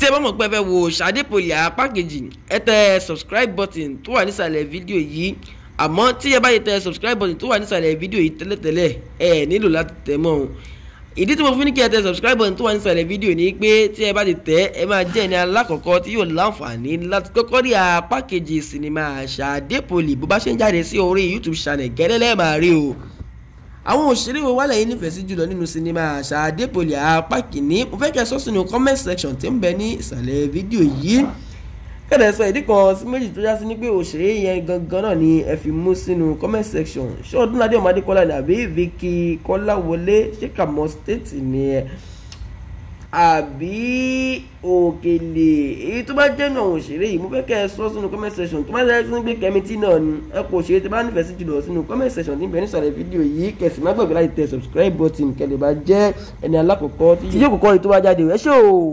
tí ẹ bá mọ̀ pé ẹ fẹ́ wo Ṣadépolì apá kejì ẹ tẹ subscribe button tó wà nísàlẹ̀ fídíò yìí àmọ́ tí ẹ bá yẹ tẹ subscribe button tó wà nísàlẹ̀ fídíò yìí tẹ́lẹ̀tẹ́lẹ̀ ẹ nílò láti tẹ̀ mọ́ o ìdí tí mo fi ní kí ẹ tẹ subscribe button tó wà nísàlẹ̀ fídíò ni pé tí ẹ bá ti tẹ̀ ẹ máa jẹ́ ẹni alákọ̀ọ́kọ́ tí yóò láǹfààní láti kọ́kọ́ rí apá kejì sinimá Ṣadépolì bó bá ṣe ń jáde sí orí YouTube channel gẹ́lẹ́lẹ́ máa rí o àwọn òṣèré wo wálẹ̀ yìí nífẹ̀ẹ́ sí jùlọ nínú sinimá àṣà Adépọ̀lẹ̀ apá kìíní mo fẹ́ kẹ́ sọ sínú comment section tí ń bẹ ní ìsàlẹ̀ fídíò yìí kẹ̀dẹ̀ sọ ìdí kan sí méjì tó já sí ni pé òṣèré yẹn gangan náà ni ẹ fi mú sínú comment section ṣé Ọdúnládé ọmọ Adékọ́lá ni àbí Vicky Kọ́láwọlé ṣé Kàmọ́ stéètì ni ẹ àbí òkèlè èyí tó bá jẹ́nu àwọn òṣèré yìí mo fẹ́ kẹ́ ẹ sọ sínú comment section tó bá jẹ́ sínú pé Kẹ́mi-T náà ni ẹ kò ṣeré tó bá nífẹ̀ẹ́ sí jùlọ sínú comment section níbi ẹni sàlẹ̀ fídíò yìí kẹ̀sì má gbàgbé láti tẹ subscribe button kẹ́lẹ́ bá jẹ́ ẹni alákọ̀ọ́kọ́ tí yóò kọ́kọ́ rí tó bá jáde ẹ ṣé o.